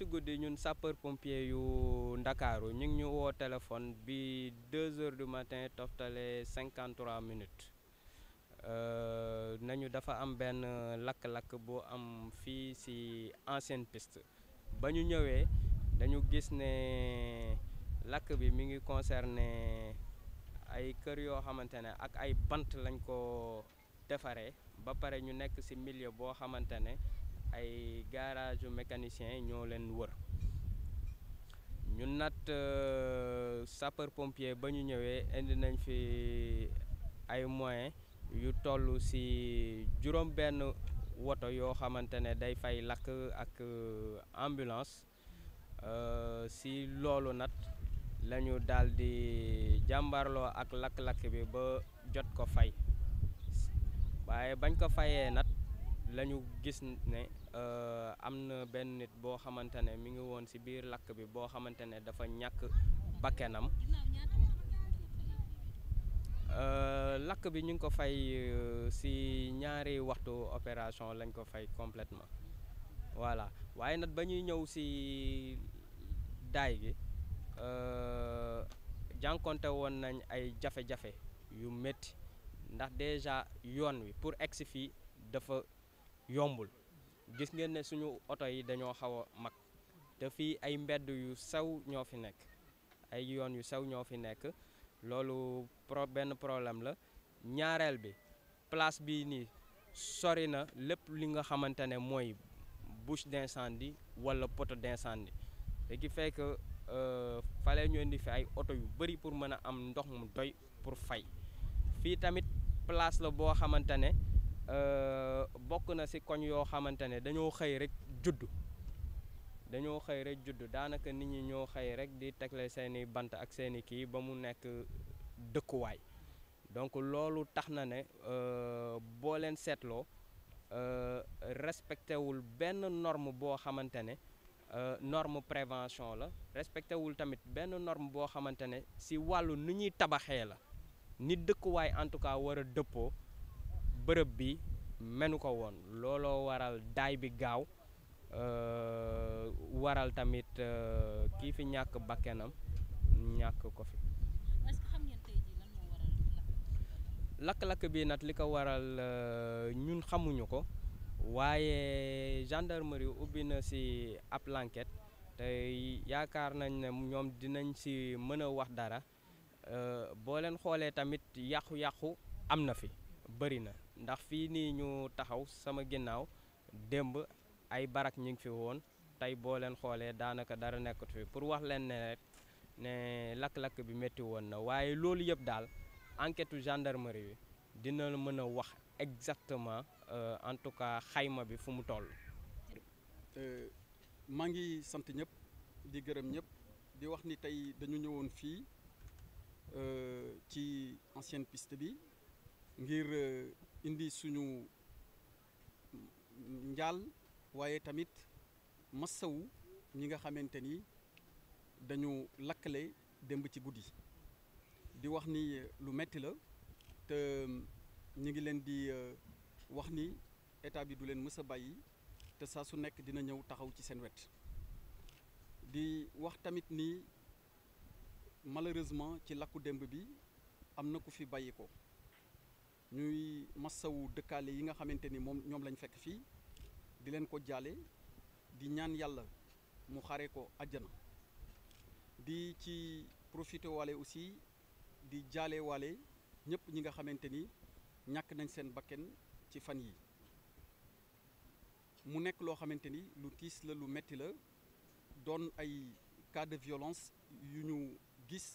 si guddi ñun sapeur pompier yu ndakaaru ñu ngi ñu woo téléphone bi deux heures du matin toftale cinquante trois minutes euh, nañu dafa am benn lakk-lakk bu am fii si ancienne piste ba ñu ñëwee dañu gis ne lakk bi mu ngi concerné ay kër yoo xamante ne ak ay bant lañ ko defaree ba pare ñu nekk si million boo xamante ne ay garage mécanicien ñoo leen wër ñu nat euh, sapeur pompier ba ñu ñëwee indi nañ fi ay moyens yu toll si juróom benn woto yoo xamante ne day fay lakk ak euh, ambulance si euh, loolu nat lañu daal di jàmbarloo ak lakk-lakk bi ba jot ko fay waaye bañ ko fayee nat lañu gis ne Euh, am na benn nit boo xamante ne mi ngi woon ci biir lakk bi boo xamante ne dafa ñàkk bakkenam euh, lakk bi ñu ngi ko fay euh, ci ñaari waxtu opération lañ ko fay completement voilà waaye nag ba ñuy ñëw ci daay gi jànkonte woon nañ ay jafe-jafe yu métti ndax déjà yoon wi pour egsi fi dafa yombul gis ngeen ne suñu oto yi dañoo xaw a mag te fii ay mbedd yu sew ñoo fi nekk ay yoon yu sew ñoo fi nekk loolu pro benn problème la ñaareel bi place bi nii sori na lépp li nga xamante ne mooy bouche d'incendie wala poteau d'incendie ce qui fait que euh, fale ñu indi fi ay oto yu bëri pour mën a am ndox mu doy pour fay fii tamit place la boo xamante ne Euh, bokk na si koñ yoo xamante ne dañoo xëy rek judd dañoo xëy rek judd daanaka nit ñi ñoo xëy rek di tegle seeni bant ak seeni kii ba mu nekk dëkkuwaay donc loolu tax na ne euh, boo leen seetloo euh, respecté wul benn norme boo xamante ne norme prévention la respecté wul tamit benn norme boo xamante ne si wàllu nu ñuy tabaxee la ni dëkkuwaay en tout cas war a dëppoo bërëb bi menu ko woon looloo waral daay bi gaaw euh, waral tamit euh, kii fi ñàkk bakkenam ñàkk ko fi lakk-lakk bi nag li ko waral euh, ñun xamuñu ko waaye gendarmerie ubbi na si ab enquête te yaakaar nañ ne ñoom dinañ si mën a wax dara boo leen xoolee tamit yàqu-yàqu am na fi bëri na ndax nyu ni ñu taxaw sama ginnaw demb ay barak ñing fi woon tay bo leen xolé danaka dara nekkut fi pour wax leen ne ne lak bi metti woon na waye loolu yeb dal enquête gendarmerie dina la mëna wax exactement euh, en tout cas xayma bi fu mu toll. Euh, ma ngi sant ñep di gërëm ñep di wax ni tay dañu ñëwoon euh ci ancienne piste bi ngir. Euh, indi suñu njaal waaye tamit massawu ñi nga xamante ni dañu lakkale démb ci guddi di wax ni euh, lu metti la te euh, ñu ngi leen di euh, wax ni état bi du leen mës a bàyyi te saa su nekk dina ñëw taxaw ci seen wet di wax tamit ni malheureusement ci lakku démb bi am na ku fi bàyyi ko ñuy massawu dëkkaale yi nga xamante ni moom ñoom lañ fekk fii di leen ko jaale di ñaan yàlla mu xare ko àjjana di ci profité waale aussi di jaale waale ñëpp ñi nga xamante ni ñàkk nañ seen bakken ci fan yi mu nekk loo xamante ni lu tiis la lu metti la doon ay cas de violence yu ñu gis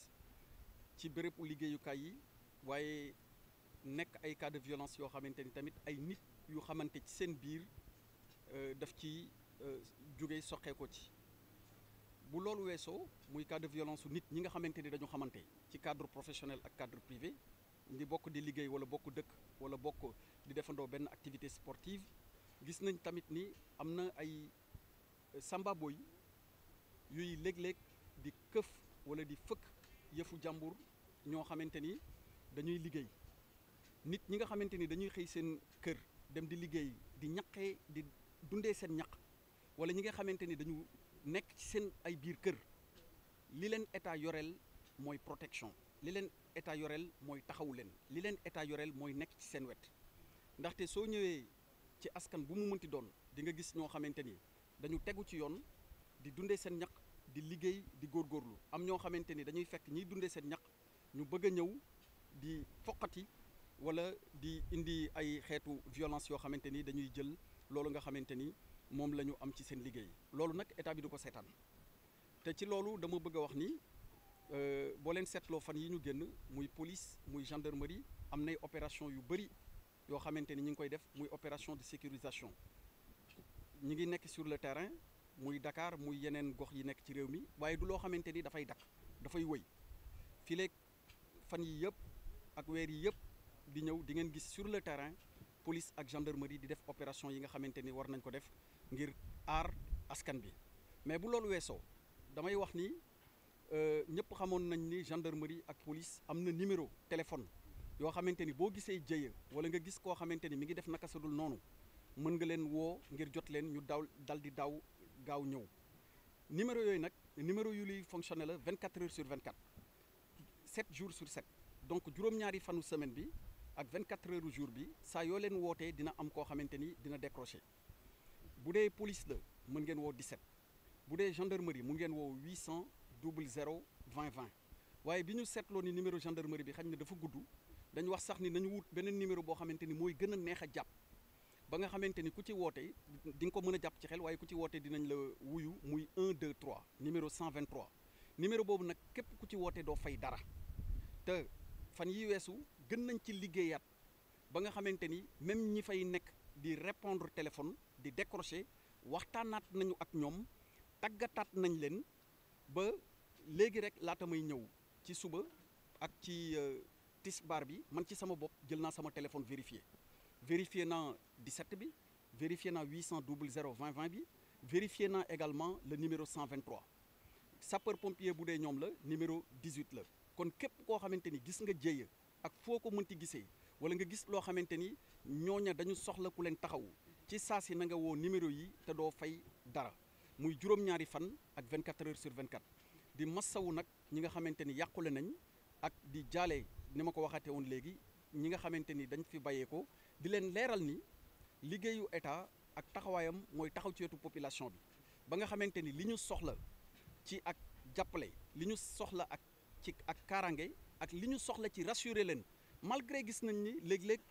ci bérébu liggéeyukaay yi waaye nek ay cas de violence yo xamanteni tamit ay nit yu xamanté ci seen biir euh, daf ci euh, jugé soqee ko ci bu lolou weesoo muy cas de violence su nit ñi nga xamante dañu xamanté ci cadre professionnel ak cadre privé ni bokk di liggéey wala bokk dëkk wala bokk di defandoo ben activité sportive gis nañ tamit ni am na euh, samba boy, yuy leg leg di keuf wala di fëkk yefu jambour, ñoo xamanteni ni dañuy liggéey nit ñi nga xamante ni dañuy xëy seen kër dem di liggéey di ñaqee di dundee seen ñaq wala ñi nga xamante ni dañu nekk ci seen ay biir kër li leen état yoreel mooy protection li leen état yoreel mooy taxawu leen li leen état yoreel mooy nekk ci seen wet ndaxte soo ñëwee ci askan bu mu mënti doon di nga gis ñoo xamante ni dañu tegu ci yoon di dundee seen ñaq di liggéey di góor góorlu am ñoo xamante ni dañuy fekk ñiy dundee seen ñaq ñu bëgg a ñëw di foqati wala di indi ay xeetu violence yoo xamante ni dañuy jël loolu nga xamante ni moom la ñu am ci seen liggéey loolu nag état bi du ko seetaan te ci loolu dama bëgg a wax ni euh, boo leen seetloo fan yi ñu génn muy police muy gendarmerie am nay opération yu bëri yoo xamante ni ñu ngi koy def muy opération de sécurisation ñi ngi nekk sur le terrain muy Dakar muy yeneen gox yi nekk ci réew mi waaye du loo xamante ni dafay dakk dafay wëy fileeg fan yi yëpp ak weer yi yëpp di sur le terrain police ak gendarmerie di opération yi nga war nañ ko def ngir mais bu loolu weesoo wax euh, ni gendarmerie ak police numéro téléphone vous xamante ni boo gisee wala gis numéro yooyu numéro 24 heures sur 24 7 jours sur 7 donc juróom-ñaari fanu semaine ak 24 heures au jour bi sa yo len wootee dina am ko xamanteni dina décrocher boudé police la mën ngeen wo 17 boudé gendarmerie mu ngeen wo 800 00 20 20 waaye bi ñu ni numéro gendarmerie bi xañ na dafa gudd dañ wax sax ni nañ wut benen numéro bo xamanteni moy gëna nexa japp ba nga xamanteni ku ci woote di nga ko mëna japp ci xel waye ku ci woote dinañ la wuyu muy 1 2 3 numéro 123 numéro bobu nak képp ku ci woote do fay dara te fan yi weesu gën nañ ci liggéeyaat ba nga xamante même ñi fay nekk di répondre téléphone di décrocher waxtaanaat nañu ak ñoom tàggataat nañ leen ba léegi rek laata may ñëw ci suba ak ci euh, man ci sama bopp jël naa sama téléphone vérifié vérifié naa 17 bi vérifié naa 800 00 20 20 bi vérifié naa également le numéro 123 sapeur pompier Boudé dee la numéro 18 la. kon képp koo xamante ni gis nga jéeya ak foo ko mënti gisee wala nga gis loo xamante ni ñooña dañu soxla ku leen taxawu ci saa si na nga woo numéro yi te doo fay dara muy juróom-ñaari fan ak 24 heures sur 24 di massawu nag ñi nga xamante ni yàqule nañ ak di jaale ni ma ko waxate woon léegi ñi nga xamante ni dañ fi bàyyee di leen leeral ni liggéeyu état ak taxawaayam mooy taxaw ci wetu population bi ba nga xamante ni li ñu soxla ci ak jàppale li ñu soxla ak ci ak kaaraange ak li ñu soxla ci rassurer leen malgré gis nañ ni léeg-léeg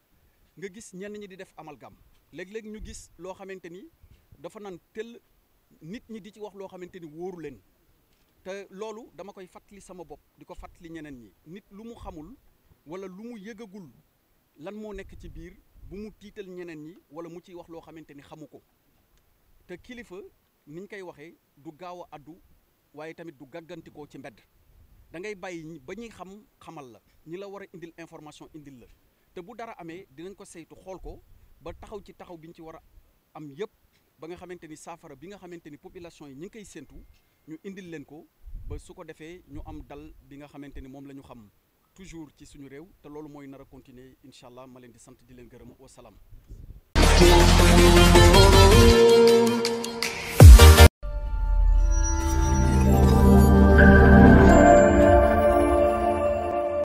nga gis ñenn ñi di def amal amalgame léeg-léeg ñu gis loo xamante ni dafa naan tëll nit ñi di ci wax loo xamante ni wóoru leen te loolu dama koy fàttali sama bopp di ko fàttali ñeneen ñi nit lu mu xamul wala lu mu yëgagul lan moo nekk ci biir bu mu tiital ñeneen ñi wala mu ciy wax loo xamante ni xamu ko te kilifa niñ koy waxee du gaaw a addu waaye tamit du gàggantikoo ci mbedd da ngay bàyyi ba ñuy xam xamal la ñi la war a indil information indil la te bu dara amee dinañ ko saytu xool ko ba taxaw ci taxaw bi ñu ci war a am yëpp ba nga xamante ni saafara bi nga xamante ni population yi ñu ngi koy séentu ñu indil leen ko ba su ko defee ñu am dal bi nga xamante ni moom la ñu xam toujours ci suñu réew te loolu mooy nar a continuer incha ma leen di sant di leen gërëm wasalaam